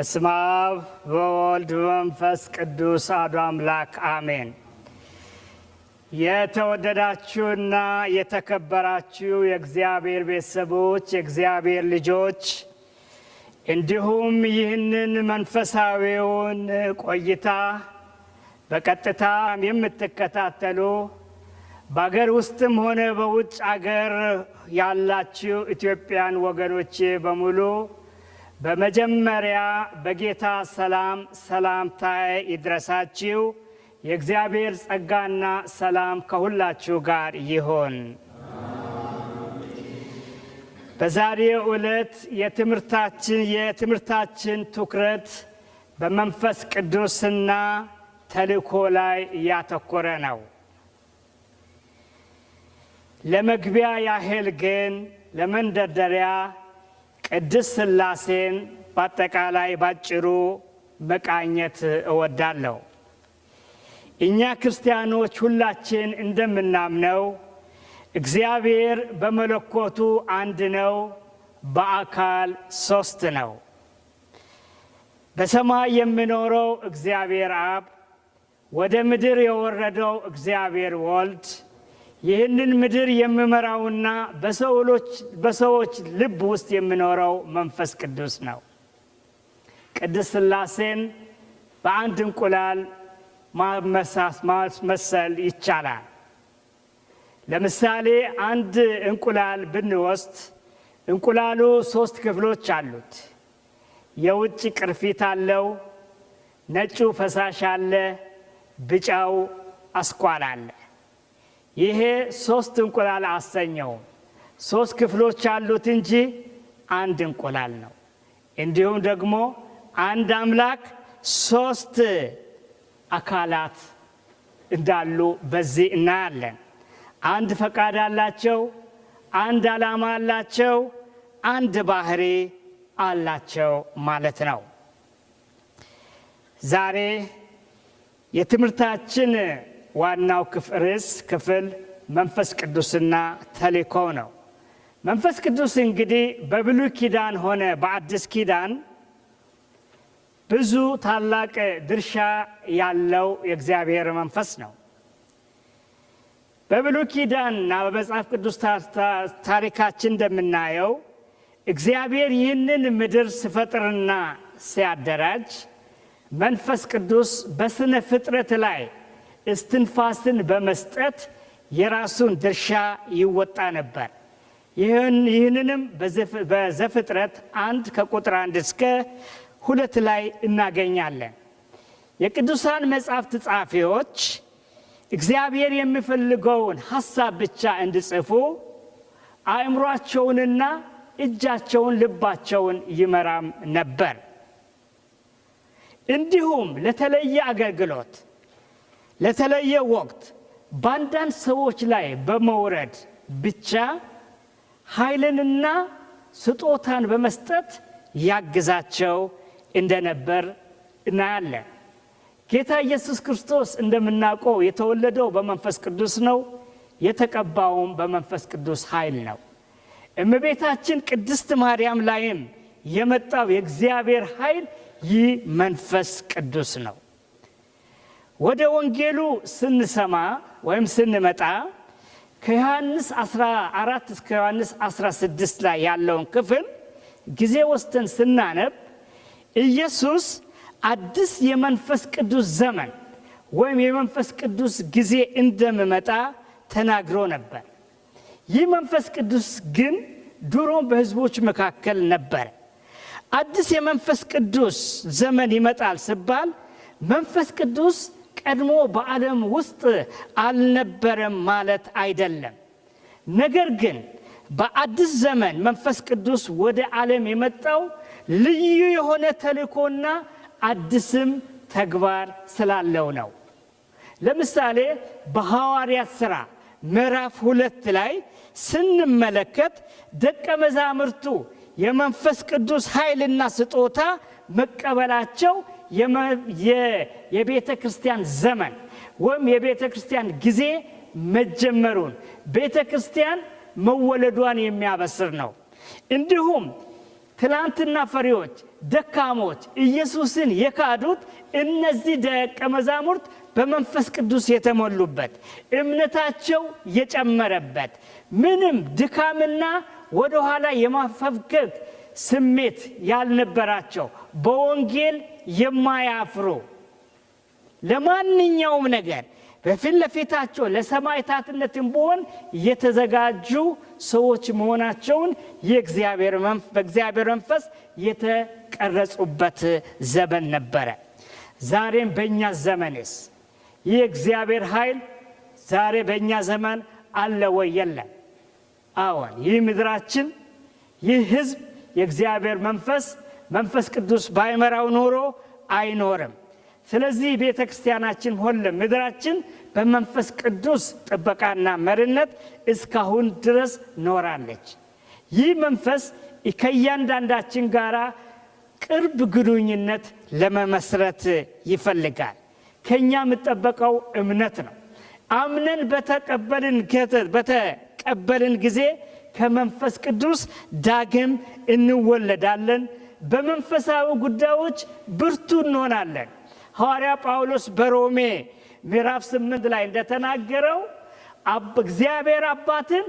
በስመ አብ በወልድ በመንፈስ ቅዱስ አሐዱ አምላክ አሜን። የተወደዳችሁና የተከበራችሁ የእግዚአብሔር ቤተሰቦች፣ የእግዚአብሔር ልጆች እንዲሁም ይህንን መንፈሳዊውን ቆይታ በቀጥታ የምትከታተሉ በአገር ውስጥም ሆነ በውጭ አገር ያላችሁ ኢትዮጵያን ወገኖቼ በሙሉ በመጀመሪያ በጌታ ሰላም ሰላምታዬ ይድረሳችሁ። የእግዚአብሔር ጸጋና ሰላም ከሁላችሁ ጋር ይሆን። በዛሬው ዕለት የትምህርታችን የትምህርታችን ትኩረት በመንፈስ ቅዱስና ተልእኮ ላይ እያተኮረ ነው። ለመግቢያ ያህል ግን ለመንደርደሪያ ቅድስት ስላሴን በአጠቃላይ ባጭሩ መቃኘት እወዳለሁ። እኛ ክርስቲያኖች ሁላችን እንደምናምነው እግዚአብሔር በመለኮቱ አንድ ነው፣ በአካል ሶስት ነው። በሰማይ የሚኖረው እግዚአብሔር አብ፣ ወደ ምድር የወረደው እግዚአብሔር ወልድ ይህንን ምድር የምመራውና በሰዎች ልብ ውስጥ የምኖረው መንፈስ ቅዱስ ነው። ቅድስት ሥላሴን በአንድ እንቁላል ማስመሰል ይቻላል። ለምሳሌ አንድ እንቁላል ብንወስድ እንቁላሉ ሶስት ክፍሎች አሉት። የውጭ ቅርፊት አለው፣ ነጩ ፈሳሽ አለ፣ ቢጫው አስኳል አለ። ይሄ ሶስት እንቁላል አሰኘውም። ሶስት ክፍሎች አሉት እንጂ አንድ እንቁላል ነው። እንዲሁም ደግሞ አንድ አምላክ ሶስት አካላት እንዳሉ በዚህ እናያለን። አንድ ፈቃድ አላቸው፣ አንድ ዓላማ አላቸው፣ አንድ ባህሪ አላቸው ማለት ነው። ዛሬ የትምህርታችን ዋናው ርዕስ ክፍል መንፈስ ቅዱስና ተልእኮ ነው። መንፈስ ቅዱስ እንግዲህ በብሉይ ኪዳን ሆነ በአዲስ ኪዳን ብዙ ታላቅ ድርሻ ያለው የእግዚአብሔር መንፈስ ነው። በብሉይ ኪዳንና በመጽሐፍ ቅዱስ ታሪካችን እንደምናየው እግዚአብሔር ይህንን ምድር ሲፈጥርና ሲያደራጅ መንፈስ ቅዱስ በስነ ፍጥረት ላይ እስትንፋስን በመስጠት የራሱን ድርሻ ይወጣ ነበር። ይህንንም በዘፍጥረት አንድ ከቁጥር አንድ እስከ ሁለት ላይ እናገኛለን። የቅዱሳን መጻሕፍት ጻፊዎች እግዚአብሔር የሚፈልገውን ሐሳብ ብቻ እንዲጽፉ አእምሯቸውንና እጃቸውን ልባቸውን ይመራም ነበር። እንዲሁም ለተለየ አገልግሎት ለተለየ ወቅት በአንዳንድ ሰዎች ላይ በመውረድ ብቻ ኃይልንና ስጦታን በመስጠት ያግዛቸው እንደነበር እናያለን። ጌታ ኢየሱስ ክርስቶስ እንደምናውቀው የተወለደው በመንፈስ ቅዱስ ነው፣ የተቀባውም በመንፈስ ቅዱስ ኃይል ነው። እመቤታችን ቅድስት ማርያም ላይም የመጣው የእግዚአብሔር ኃይል ይህ መንፈስ ቅዱስ ነው። ወደ ወንጌሉ ስንሰማ ወይም ስንመጣ ከዮሐንስ 14 እስከ ዮሐንስ 16 ላይ ያለውን ክፍል ጊዜ ወስደን ስናነብ ኢየሱስ አዲስ የመንፈስ ቅዱስ ዘመን ወይም የመንፈስ ቅዱስ ጊዜ እንደምመጣ ተናግሮ ነበር። ይህ መንፈስ ቅዱስ ግን ድሮ በሕዝቦች መካከል ነበር። አዲስ የመንፈስ ቅዱስ ዘመን ይመጣል ሲባል መንፈስ ቅዱስ ቀድሞ በዓለም ውስጥ አልነበረም ማለት አይደለም። ነገር ግን በአዲስ ዘመን መንፈስ ቅዱስ ወደ ዓለም የመጣው ልዩ የሆነ ተልእኮና አዲስም ተግባር ስላለው ነው። ለምሳሌ በሐዋርያት ሥራ ምዕራፍ ሁለት ላይ ስንመለከት ደቀ መዛሙርቱ የመንፈስ ቅዱስ ኃይልና ስጦታ መቀበላቸው የቤተ ክርስቲያን ዘመን ወይም የቤተ ክርስቲያን ጊዜ መጀመሩን ቤተ ክርስቲያን መወለዷን የሚያበስር ነው። እንዲሁም ትላንትና ፈሪዎች፣ ደካሞች ኢየሱስን የካዱት እነዚህ ደቀ መዛሙርት በመንፈስ ቅዱስ የተሞሉበት እምነታቸው የጨመረበት ምንም ድካምና ወደኋላ የማፈግፈግ ስሜት ያልነበራቸው በወንጌል የማያፍሩ ለማንኛውም ነገር በፊት ለፊታቸው ለሰማዕታትነትም ቢሆን የተዘጋጁ ሰዎች መሆናቸውን በእግዚአብሔር መንፈስ የተቀረጹበት ዘመን ነበረ። ዛሬም በእኛ ዘመንስ እግዚአብሔር ኃይል ዛሬ በእኛ ዘመን አለ ወይ? የለም። አዎን፣ ይህ ምድራችን ይህ ህዝብ የእግዚአብሔር መንፈስ መንፈስ ቅዱስ ባይመራው ኖሮ አይኖርም። ስለዚህ ቤተ ክርስቲያናችን ሆለ ምድራችን በመንፈስ ቅዱስ ጥበቃና መሪነት እስካሁን ድረስ ኖራለች። ይህ መንፈስ ከእያንዳንዳችን ጋር ቅርብ ግንኙነት ለመመስረት ይፈልጋል። ከእኛ የምጠበቀው እምነት ነው። አምነን በተቀበልን ጊዜ ከመንፈስ ቅዱስ ዳግም እንወለዳለን። በመንፈሳዊ ጉዳዮች ብርቱ እንሆናለን። ሐዋርያ ጳውሎስ በሮሜ ምዕራፍ ስምንት ላይ እንደተናገረው እግዚአብሔር አባትን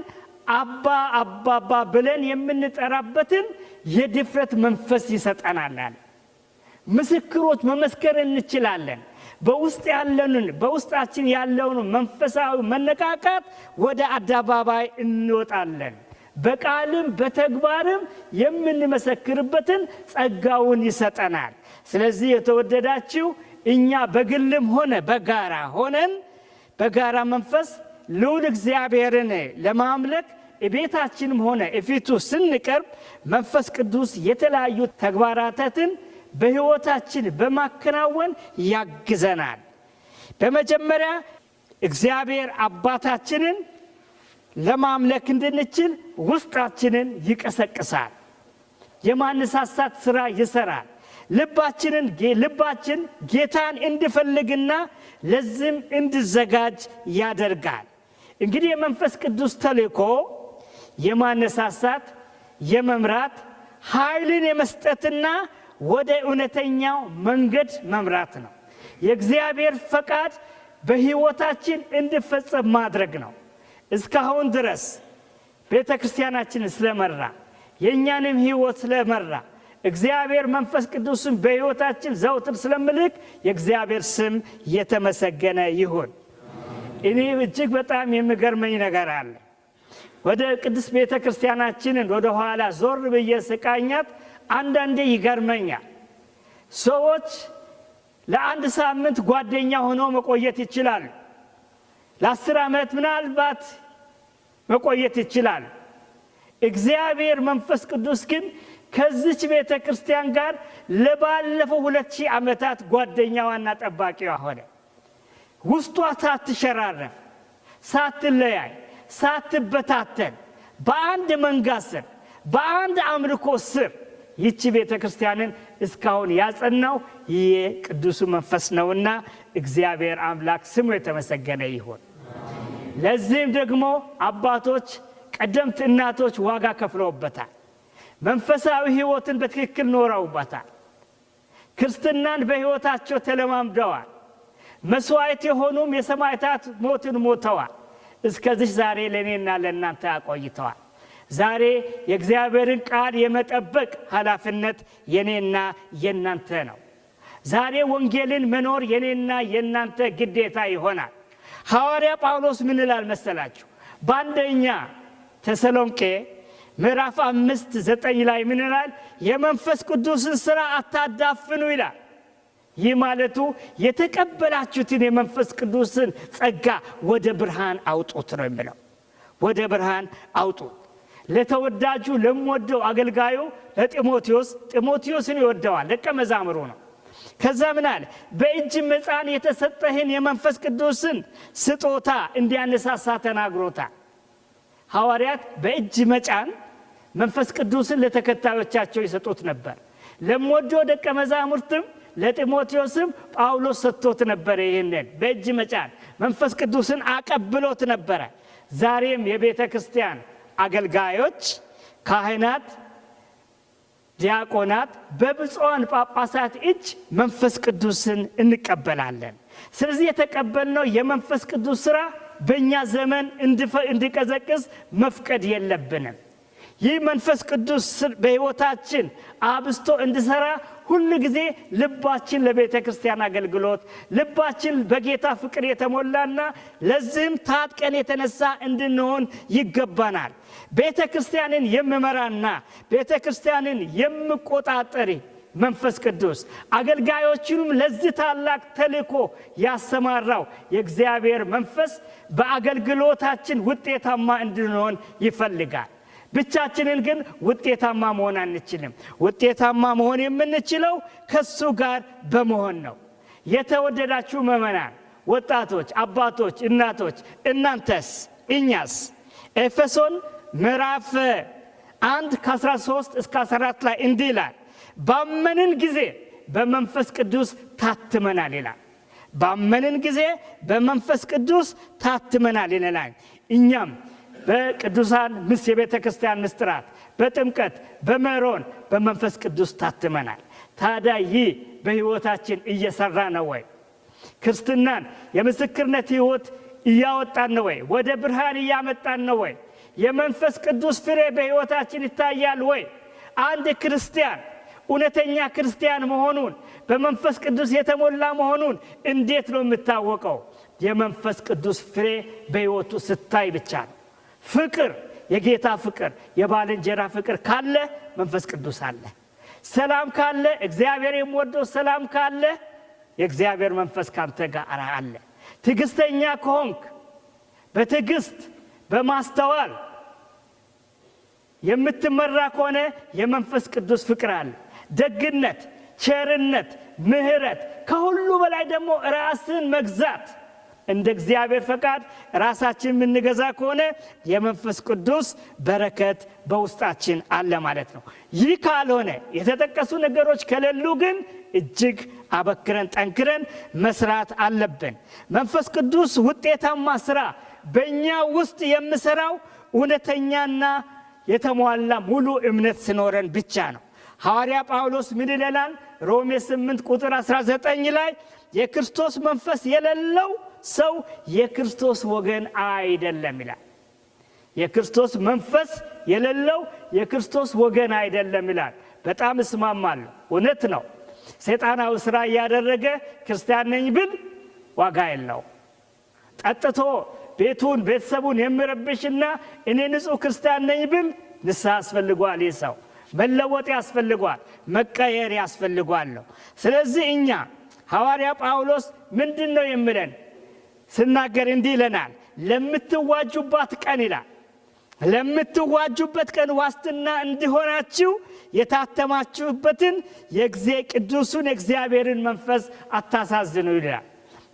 አባ አባባ ብለን የምንጠራበትን የድፍረት መንፈስ ይሰጠናል። ምስክሮች መመስከር እንችላለን። በውስጥ ያለንን በውስጣችን ያለውን መንፈሳዊ መነቃቃት ወደ አደባባይ እንወጣለን። በቃልም በተግባርም የምንመሰክርበትን ጸጋውን ይሰጠናል። ስለዚህ የተወደዳችሁ እኛ በግልም ሆነ በጋራ ሆነን በጋራ መንፈስ ልዑል እግዚአብሔርን ለማምለክ ቤታችንም ሆነ እፊቱ ስንቀርብ መንፈስ ቅዱስ የተለያዩ ተግባራትን በሕይወታችን በማከናወን ያግዘናል። በመጀመሪያ እግዚአብሔር አባታችንን ለማምለክ እንድንችል ውስጣችንን ይቀሰቅሳል። የማነሳሳት ስራ ይሰራል። ልባችንን ልባችን ጌታን እንድፈልግና ለዚህም እንድዘጋጅ ያደርጋል። እንግዲህ የመንፈስ ቅዱስ ተልእኮ የማነሳሳት፣ የመምራት፣ ኃይልን የመስጠትና ወደ እውነተኛው መንገድ መምራት ነው። የእግዚአብሔር ፈቃድ በሕይወታችን እንዲፈጸም ማድረግ ነው። እስካሁን ድረስ ቤተ ክርስቲያናችን ስለመራ የእኛንም ህይወት ስለመራ እግዚአብሔር መንፈስ ቅዱስን በሕይወታችን ዘውትር ስለምልክ የእግዚአብሔር ስም የተመሰገነ ይሁን። እኔ እጅግ በጣም የሚገርመኝ ነገር አለ። ወደ ቅድስት ቤተ ክርስቲያናችንን ወደ ኋላ ዞር ብዬ ስቃኛት አንዳንዴ ይገርመኛል። ሰዎች ለአንድ ሳምንት ጓደኛ ሆኖ መቆየት ይችላሉ። ለአስር ዓመት ምናልባት መቆየት ይችላል። እግዚአብሔር መንፈስ ቅዱስ ግን ከዚች ቤተ ክርስቲያን ጋር ለባለፈው ሁለት ሺህ ዓመታት ጓደኛዋና ጠባቂዋ ሆነ። ውስጧ ሳትሸራረፍ፣ ሳትለያይ፣ ሳትበታተን በአንድ መንጋ ስር በአንድ አምልኮ ስር ይቺ ቤተ ክርስቲያንን እስካሁን ያጸናው ይህ ቅዱሱ መንፈስ ነውና እግዚአብሔር አምላክ ስሙ የተመሰገነ ይሁን። ለዚህም ደግሞ አባቶች፣ ቀደምት እናቶች ዋጋ ከፍለውበታል። መንፈሳዊ ሕይወትን በትክክል ኖረውበታል። ክርስትናን በሕይወታቸው ተለማምደዋል። መስዋዕት የሆኑም የሰማዕታት ሞትን ሞተዋል። እስከዚህ ዛሬ ለእኔና ለእናንተ አቆይተዋል። ዛሬ የእግዚአብሔርን ቃል የመጠበቅ ኃላፊነት የኔና የእናንተ ነው። ዛሬ ወንጌልን መኖር የኔና የእናንተ ግዴታ ይሆናል። ሐዋርያ ጳውሎስ ምን ይላል መሰላችሁ? በአንደኛ ተሰሎንቄ ምዕራፍ አምስት ዘጠኝ ላይ ምን ይላል? የመንፈስ ቅዱስን ስራ አታዳፍኑ ይላል። ይህ ማለቱ የተቀበላችሁትን የመንፈስ ቅዱስን ጸጋ ወደ ብርሃን አውጡት ነው የሚለው። ወደ ብርሃን አውጡት። ለተወዳጁ ለምወደው አገልጋዩ ለጢሞቴዎስ ጢሞቴዎስን ይወደዋል፣ ደቀ መዛሙሩ ነው። ከዛ ምን አለ? በእጅ መጻን የተሰጠህን የመንፈስ ቅዱስን ስጦታ እንዲያነሳሳ ተናግሮታል። ሐዋርያት በእጅ መጫን መንፈስ ቅዱስን ለተከታዮቻቸው ይሰጡት ነበር። ለሞጆ ደቀ መዛሙርትም ለጢሞቴዎስም ጳውሎስ ሰጥቶት ነበረ። ይህንን በእጅ መጫን መንፈስ ቅዱስን አቀብሎት ነበረ። ዛሬም የቤተ ክርስቲያን አገልጋዮች ካህናት ዲያቆናት በብፁዓን ጳጳሳት እጅ መንፈስ ቅዱስን እንቀበላለን። ስለዚህ የተቀበልነው የመንፈስ ቅዱስ ስራ በእኛ ዘመን እንዲቀዘቅዝ መፍቀድ የለብንም። ይህ መንፈስ ቅዱስ በሕይወታችን አብስቶ እንዲሰራ ሁሉ ጊዜ ልባችን ለቤተ ክርስቲያን አገልግሎት ልባችን በጌታ ፍቅር የተሞላና ለዚህም ታጥቀን የተነሳ እንድንሆን ይገባናል። ቤተ ክርስቲያንን የምመራና ቤተ ክርስቲያንን የምቆጣጠር መንፈስ ቅዱስ አገልጋዮችንም ለዚህ ታላቅ ተልእኮ ያሰማራው የእግዚአብሔር መንፈስ በአገልግሎታችን ውጤታማ እንድንሆን ይፈልጋል። ብቻችንን ግን ውጤታማ መሆን አንችልም። ውጤታማ መሆን የምንችለው ከሱ ጋር በመሆን ነው። የተወደዳችሁ ምዕመናን፣ ወጣቶች፣ አባቶች፣ እናቶች እናንተስ እኛስ ኤፌሶን ምዕራፍ አንድ ከ13 እስከ 14 ላይ እንዲህ ይላል፣ ባመንን ጊዜ በመንፈስ ቅዱስ ታትመናል ይላል። ባመንን ጊዜ በመንፈስ ቅዱስ ታትመናል ይለናል። እኛም በቅዱሳን ምስ የቤተ ክርስቲያን ምስጥራት በጥምቀት በመሮን በመንፈስ ቅዱስ ታትመናል። ታዲያ ይህ በሕይወታችን እየሰራ ነው ወይ? ክርስትናን የምስክርነት ሕይወት እያወጣን ነው ወይ? ወደ ብርሃን እያመጣን ነው ወይ? የመንፈስ ቅዱስ ፍሬ በሕይወታችን ይታያል ወይ? አንድ ክርስቲያን እውነተኛ ክርስቲያን መሆኑን በመንፈስ ቅዱስ የተሞላ መሆኑን እንዴት ነው የምታወቀው? የመንፈስ ቅዱስ ፍሬ በሕይወቱ ስታይ ብቻ ነው። ፍቅር፣ የጌታ ፍቅር፣ የባልንጀራ ፍቅር ካለ መንፈስ ቅዱስ አለ። ሰላም ካለ እግዚአብሔር የምወደው ሰላም ካለ የእግዚአብሔር መንፈስ ካንተ ጋር አለ። ትዕግስተኛ ከሆንክ በትዕግስት በማስተዋል የምትመራ ከሆነ የመንፈስ ቅዱስ ፍቅር አለ። ደግነት፣ ቸርነት፣ ምሕረት ከሁሉ በላይ ደግሞ ራስን መግዛት እንደ እግዚአብሔር ፈቃድ ራሳችን የምንገዛ ከሆነ የመንፈስ ቅዱስ በረከት በውስጣችን አለ ማለት ነው። ይህ ካልሆነ የተጠቀሱ ነገሮች ከሌሉ ግን እጅግ አበክረን ጠንክረን መስራት አለብን። መንፈስ ቅዱስ ውጤታማ ስራ በእኛ ውስጥ የምሰራው እውነተኛና የተሟላ ሙሉ እምነት ስኖረን ብቻ ነው። ሐዋርያ ጳውሎስ ምን ይለላል ሮሜ 8 ቁጥር 19 ላይ የክርስቶስ መንፈስ የሌለው ሰው የክርስቶስ ወገን አይደለም ይላል። የክርስቶስ መንፈስ የሌለው የክርስቶስ ወገን አይደለም ይላል። በጣም እስማማለሁ። እውነት ነው። ሰይጣናዊ ስራ እያደረገ ክርስቲያን ነኝ ብል ዋጋ የለው። ጠጥቶ ቤቱን ቤተሰቡን የሚረብሽና እኔ ንጹሕ ክርስቲያን ነኝ ብል ንስሐ አስፈልጓል። ይህ ሰው መለወጥ ያስፈልጓል፣ መቀየር ያስፈልጓል ነው። ስለዚህ እኛ ሐዋርያ ጳውሎስ ምንድን ነው የምለን? ስናገር እንዲህ ይለናል። ለምትዋጁባት ቀን ይላል ለምትዋጁበት ቀን ዋስትና እንዲሆናችሁ የታተማችሁበትን የጊዜ ቅዱሱን የእግዚአብሔርን መንፈስ አታሳዝኑ ይላል።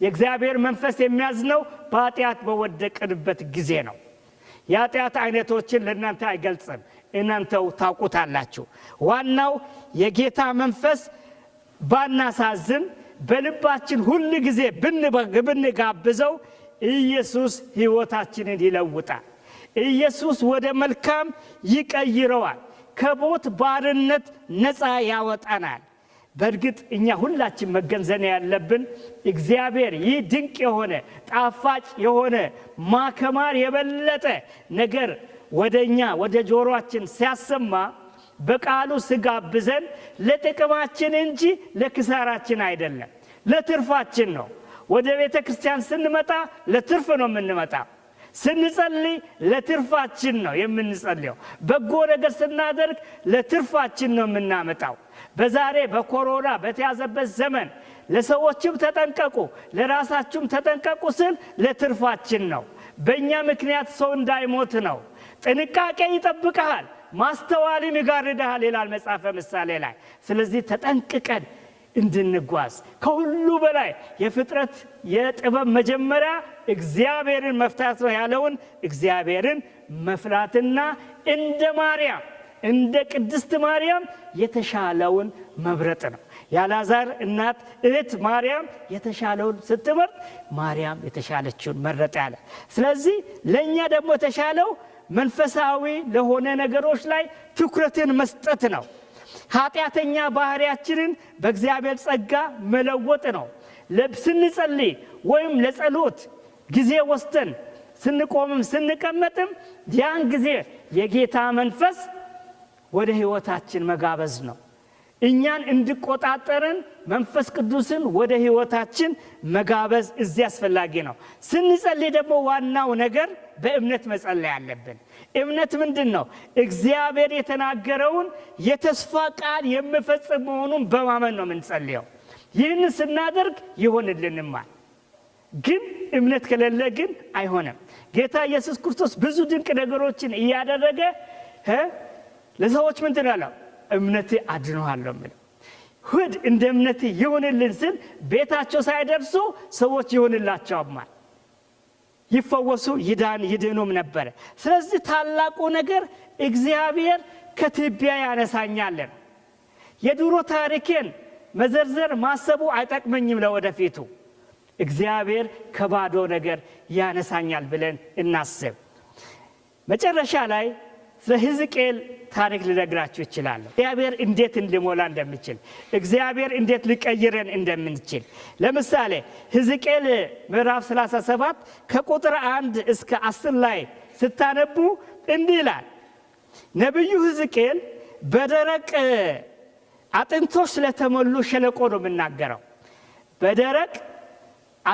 የእግዚአብሔር መንፈስ የሚያዝነው በኃጢአት በወደቅንበት ጊዜ ነው። የኃጢአት አይነቶችን ለእናንተ አይገልጽም፣ እናንተው ታውቁታላችሁ። ዋናው የጌታ መንፈስ ባናሳዝን በልባችን ሁል ጊዜ ብንጋብዘው ኢየሱስ ሕይወታችንን ይለውጣል። ኢየሱስ ወደ መልካም ይቀይረዋል። ከሞት ባርነት ነፃ ያወጣናል። በእርግጥ እኛ ሁላችን መገንዘን ያለብን እግዚአብሔር ይህ ድንቅ የሆነ ጣፋጭ የሆነ ማከማር የበለጠ ነገር ወደ እኛ ወደ ጆሮአችን ሲያሰማ በቃሉ ስጋብዘን ለጥቅማችን እንጂ ለክሳራችን አይደለም፣ ለትርፋችን ነው። ወደ ቤተ ክርስቲያን ስንመጣ ለትርፍ ነው የምንመጣ። ስንጸልይ ለትርፋችን ነው የምንጸልየው። በጎ ነገር ስናደርግ ለትርፋችን ነው የምናመጣው። በዛሬ በኮሮና በተያዘበት ዘመን ለሰዎችም ተጠንቀቁ ለራሳችሁም ተጠንቀቁ ስል ለትርፋችን ነው። በእኛ ምክንያት ሰው እንዳይሞት ነው። ጥንቃቄ ይጠብቀሃል። ማስተዋልን ይጋርድሃል ይላል መጽሐፈ ምሳሌ ላይ። ስለዚህ ተጠንቅቀን እንድንጓዝ ከሁሉ በላይ የፍጥረት የጥበብ መጀመሪያ እግዚአብሔርን መፍታት ነው ያለውን እግዚአብሔርን መፍራትና እንደ ማርያም እንደ ቅድስት ማርያም የተሻለውን መብረጥ ነው። የአልዓዛር እናት እህት ማርያም የተሻለውን ስትመርጥ ማርያም የተሻለችውን መረጥ ያለ። ስለዚህ ለእኛ ደግሞ የተሻለው መንፈሳዊ ለሆነ ነገሮች ላይ ትኩረትን መስጠት ነው። ኃጢአተኛ ባህሪያችንን በእግዚአብሔር ጸጋ መለወጥ ነው። ስንጸልይ ወይም ለጸሎት ጊዜ ወስደን ስንቆምም ስንቀመጥም ያን ጊዜ የጌታ መንፈስ ወደ ሕይወታችን መጋበዝ ነው። እኛን እንዲቆጣጠርን መንፈስ ቅዱስን ወደ ሕይወታችን መጋበዝ እዚህ አስፈላጊ ነው። ስንጸልይ ደግሞ ዋናው ነገር በእምነት መጸለይ አለብን። እምነት ምንድን ነው? እግዚአብሔር የተናገረውን የተስፋ ቃል የምፈጽም መሆኑን በማመን ነው የምንጸልየው። ይህን ስናደርግ ይሆንልንማል። ግን እምነት ከሌለ ግን አይሆንም። ጌታ ኢየሱስ ክርስቶስ ብዙ ድንቅ ነገሮችን እያደረገ ለሰዎች ምንድን አለው? እምነት አድኖሃለሁ የሚለው ሁድ እንደ እምነት ይሆንልን ስል ቤታቸው ሳይደርሱ ሰዎች ይሆንላቸውማል። ይፈወሱ ይዳን ይድኑም ነበረ። ስለዚህ ታላቁ ነገር እግዚአብሔር ከትቢያ ያነሳኛለን። የድሮ ታሪኬን መዘርዘር ማሰቡ አይጠቅመኝም ለወደፊቱ። እግዚአብሔር ከባዶ ነገር ያነሳኛል ብለን እናስብ። መጨረሻ ላይ ስለ ታሪክ ልነግራችሁ ይችላለሁ እግዚአብሔር እንዴት እንድሞላ እንደምችል፣ እግዚአብሔር እንዴት ሊቀይረን እንደምንችል። ለምሳሌ ህዝቅኤል ምዕራፍ 37 ከቁጥር አንድ እስከ አስር ላይ ስታነቡ እንዲህ ይላል። ነቢዩ ህዝቅኤል በደረቅ አጥንቶች ስለተሞሉ ሸለቆ ነው የምናገረው። በደረቅ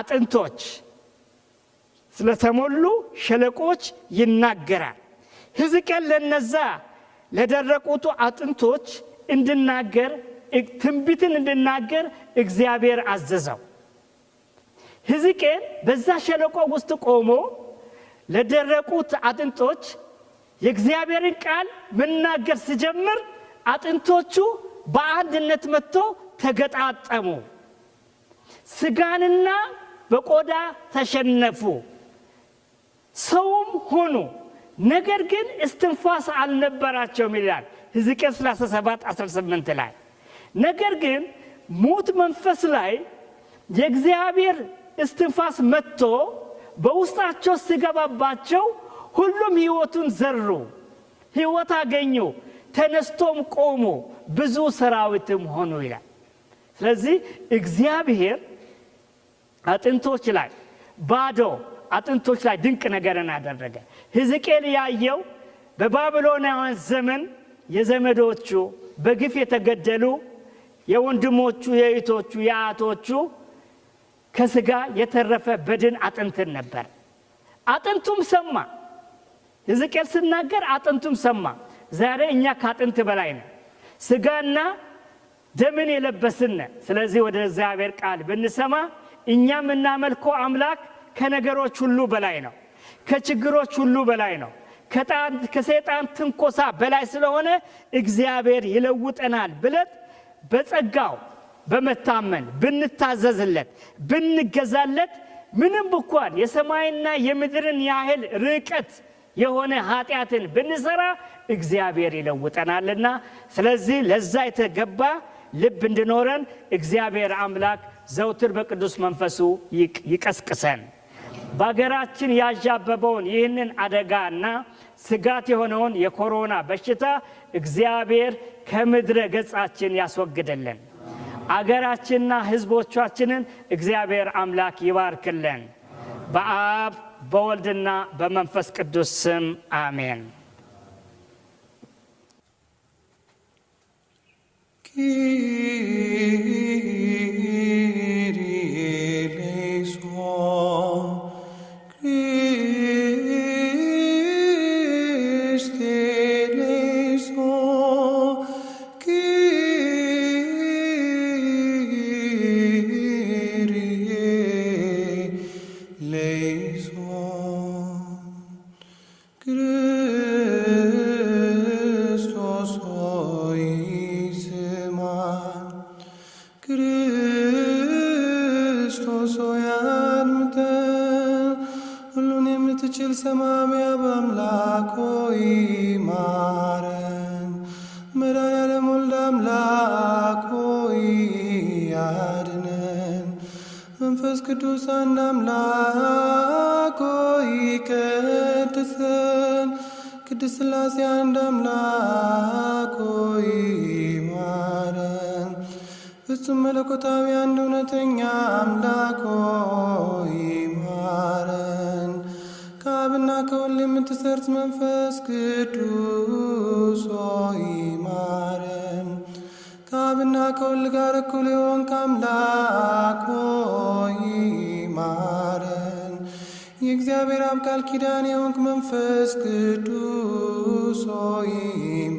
አጥንቶች ስለተሞሉ ሸለቆች ይናገራል። ሕዝቅኤል ለነዛ ለደረቁቱ አጥንቶች እንድናገር ትንቢትን እንድናገር እግዚአብሔር አዘዘው። ሕዝቅኤል በዛ ሸለቆ ውስጥ ቆሞ ለደረቁት አጥንቶች የእግዚአብሔርን ቃል መናገር ሲጀምር አጥንቶቹ በአንድነት መጥቶ ተገጣጠሙ። ስጋንና በቆዳ ተሸነፉ፣ ሰውም ሆኑ። ነገር ግን እስትንፋስ አልነበራቸውም ይላል ሕዝቅኤል 37 18 ላይ። ነገር ግን ሙት መንፈስ ላይ የእግዚአብሔር እስትንፋስ መጥቶ በውስጣቸው ሲገባባቸው ሁሉም ሕይወቱን ዘሩ፣ ሕይወት አገኙ፣ ተነስቶም ቆሙ፣ ብዙ ሰራዊትም ሆኑ ይላል። ስለዚህ እግዚአብሔር አጥንቶች ላይ ባዶ አጥንቶች ላይ ድንቅ ነገርን አደረገ። ሕዝቅኤል ያየው በባቢሎናውያን ዘመን የዘመዶቹ በግፍ የተገደሉ የወንድሞቹ፣ የእህቶቹ፣ የአያቶቹ ከስጋ የተረፈ በድን አጥንትን ነበር። አጥንቱም ሰማ። ሕዝቅኤል ስናገር አጥንቱም ሰማ። ዛሬ እኛ ከአጥንት በላይ ነን፣ ስጋና ደምን የለበስን። ስለዚህ ወደ እግዚአብሔር ቃል ብንሰማ እኛ የምናመልከው አምላክ ከነገሮች ሁሉ በላይ ነው። ከችግሮች ሁሉ በላይ ነው። ከሰይጣን ትንኮሳ በላይ ስለሆነ እግዚአብሔር ይለውጠናል ብለን በጸጋው በመታመን ብንታዘዝለት ብንገዛለት ምንም ብኳን የሰማይና የምድርን ያህል ርቀት የሆነ ኃጢአትን ብንሰራ እግዚአብሔር ይለውጠናልና፣ ስለዚህ ለዛ የተገባ ልብ እንዲኖረን እግዚአብሔር አምላክ ዘውትር በቅዱስ መንፈሱ ይቀስቅሰን። በሀገራችን ያዣበበውን ይህንን አደጋ ና ስጋት የሆነውን የኮሮና በሽታ እግዚአብሔር ከምድረ ገጻችን ያስወግድልን። አገራችንና ሕዝቦቻችንን እግዚአብሔር አምላክ ይባርክልን። በአብ በወልድና በመንፈስ ቅዱስ ስም አሜን። አድርሰን። ቅድስት ሥላሴ አንድ አምላክ ሆይ ማረን። ፍጹም መለኮታዊ አንድ እውነተኛ አምላክ ሆይ ማረን። ከአብና ከወልድ የምትሰርት መንፈስ ቅዱስ ሆይ ማረን። ከአብና ከወልድ ጋር እኩል የሆንክ አምላክ ሆይ ማረን። የእግዚአብሔር አብ ቃል ኪዳን የሆንክ መንፈስ ቅዱስ ሆይ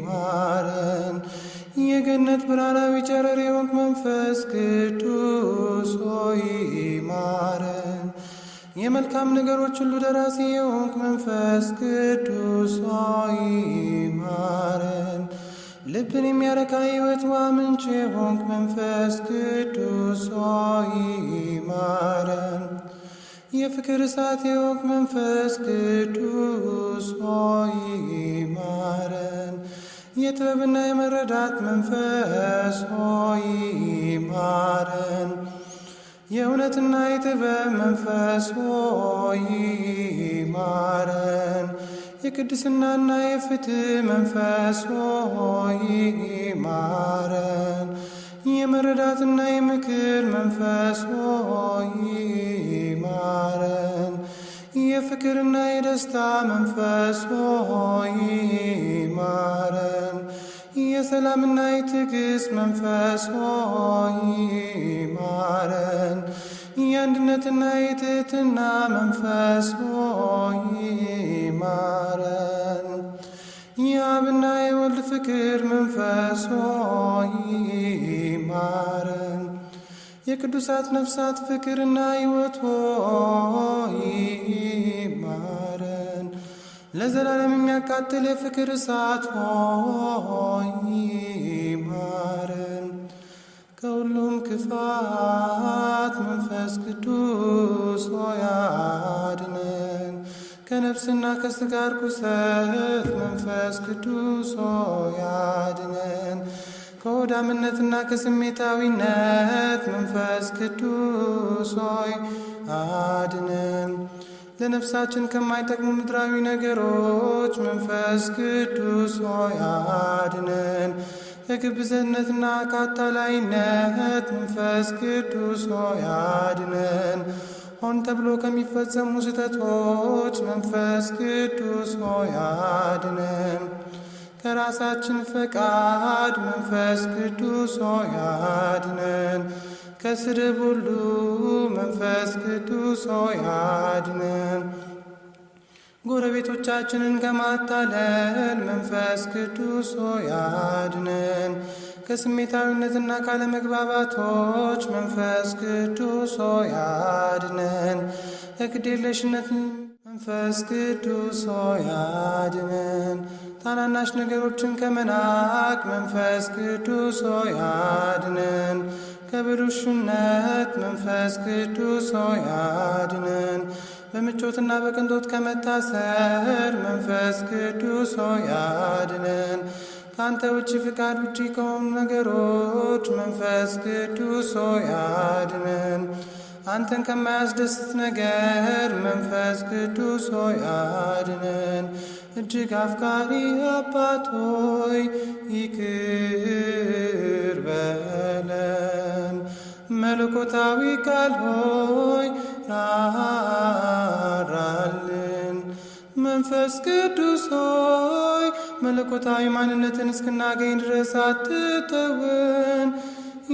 ማረን። የገነት ብርሃናዊ ጨረር የሆንክ መንፈስ ቅዱስ ሆይ ማረን። የመልካም ነገሮች ሁሉ ደራሲ የሆንክ መንፈስ ቅዱስ ሆይ ማረን። ልብን የሚያረካ ሕይወት ውሃ ምንጭ የሆንክ መንፈስ ቅዱስ ሆይ ማረን። የፍቅር እሳት የወቅ መንፈስ ቅዱስ ሆይ ማረን። የጥበብና የመረዳት መንፈስ ሆይ ማረን። የእውነትና የጥበብ መንፈስ ሆይ ማረን። የቅድስናና የፍትህ መንፈስ ሆይ ማረን። የመረዳትና የምክር መንፈስ ሆይ ማረን። የፍቅርና የደስታ መንፈስ ሆይ ማረን። የሰላምና የትዕግሥት መንፈስ ሆይ ማረን። የአንድነትና የትህትና መንፈስ ሆይ ማረን። የአብና የወልድ ፍቅር መንፈስ ሆይ ይማረን። የቅዱሳት ነፍሳት ፍቅርና ሕይወት ማረን ይማረን። ለዘላለም የሚያቃጥል የፍቅር እሳት ሆይ ይማረን። ከሁሉም ክፋት መንፈስ ቅዱስ ሆይ ከነፍስና ከስጋር ርኩሰት መንፈስ ቅዱስ ሆይ ከወዳምነትና ከስሜታዊነት መንፈስ ቅዱስ ሆይ አድነን። ለነፍሳችን ከማይጠቅሙ ምድራዊ ነገሮች መንፈስ ቅዱስ ሆይ አድነን። ከግብዝነትና ከአታላይነት መንፈስ ቅዱስ ሆይ አድነን። ሆን ተብሎ ከሚፈጸሙ ስህተቶች መንፈስ ቅዱስ ሆይ አድነን። ከራሳችን ፈቃድ መንፈስ ቅዱስ ሆይ አድነን፣ ከስድብ ሁሉ መንፈስ ቅዱስ ሆይ አድነን፣ ጎረቤቶቻችንን ከማታለል መንፈስ ቅዱስ ሆይ አድነን፣ ከስሜታዊነትና ካለመግባባቶች መንፈስ ቅዱስ ሆይ አድነን፣ ከግድ መንፈስ ቅዱስ ሆይ አድነን፣ ታናናሽ ነገሮችን ከመናቅ መንፈስ ቅዱስ ሆይ አድነን፣ ከብሉሽነት መንፈስ ቅዱስ ሆይ አድነን፣ በምቾትና በቅንጦት ከመታሰር መንፈስ ቅዱስ ሆይ አድነን፣ ከአንተ ውጭ ፍቃድ ውጪ ከሆኑ ነገሮች መንፈስ ቅዱስ ሆይ አድነን። አንተን ከማያስደስት ነገር መንፈስ ቅዱስ ሆይ አድነን። እጅግ አፍቃሪ አባት ሆይ ይቅር በለን። መለኮታዊ ቃል ሆይ ራራልን። መንፈስ ቅዱስ ሆይ መለኮታዊ ማንነትን እስክናገኝ ድረስ አትተውን።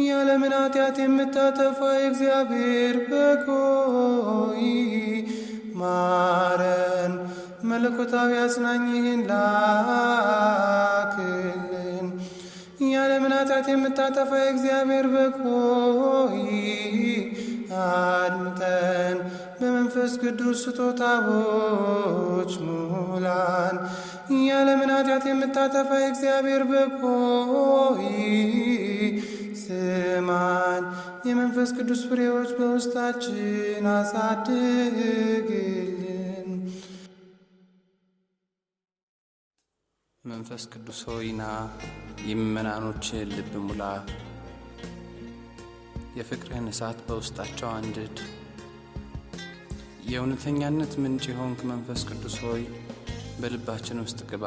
ያለምን ኃጢአት የምታጠፋ እግዚአብሔር በጎይ ማረን። መለኮታዊ አጽናኝ ይህን ላክልን። ያለምን ኃጢአት የምታጠፋ እግዚአብሔር በጎይ አድምጠን። በመንፈስ ቅዱስ ስጦታዎች ሙላን። ያለምን ኃጢአት የምታጠፋ እግዚአብሔር በጎይ ስማን። የመንፈስ ቅዱስ ፍሬዎች በውስጣችን አሳድግልን። መንፈስ ቅዱስ ሆይና የምእመናኖችን ልብ ሙላ፣ የፍቅርህን እሳት በውስጣቸው አንድድ። የእውነተኛነት ምንጭ የሆንክ መንፈስ ቅዱስ ሆይ በልባችን ውስጥ ግባ።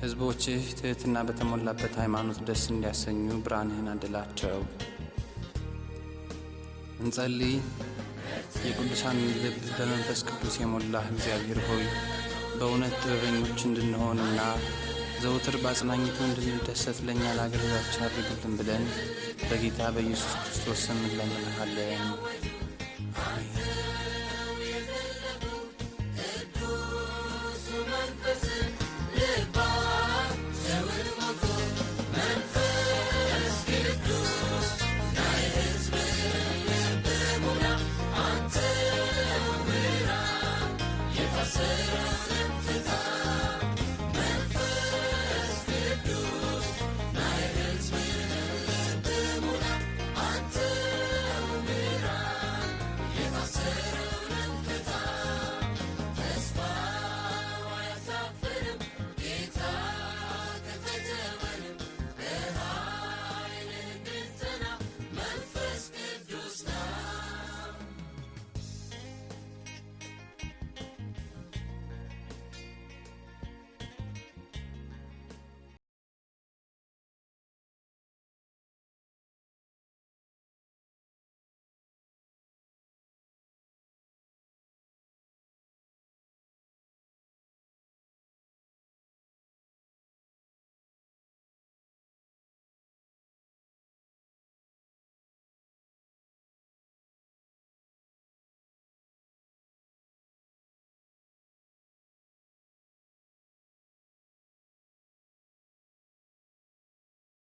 ሕዝቦችህ ትሕትና በተሞላበት ሃይማኖት ደስ እንዲያሰኙ ብርሃንህን አድላቸው። እንጸልይ። የቅዱሳን ልብ በመንፈስ ቅዱስ የሞላህ እግዚአብሔር ሆይ በእውነት ጥበበኞች እንድንሆንና ዘውትር በአጽናኝቱ እንድንደሰት ለእኛ ለአገር አድርግልን ብለን በጌታ በኢየሱስ ክርስቶስ ስም እንለምንሃለን።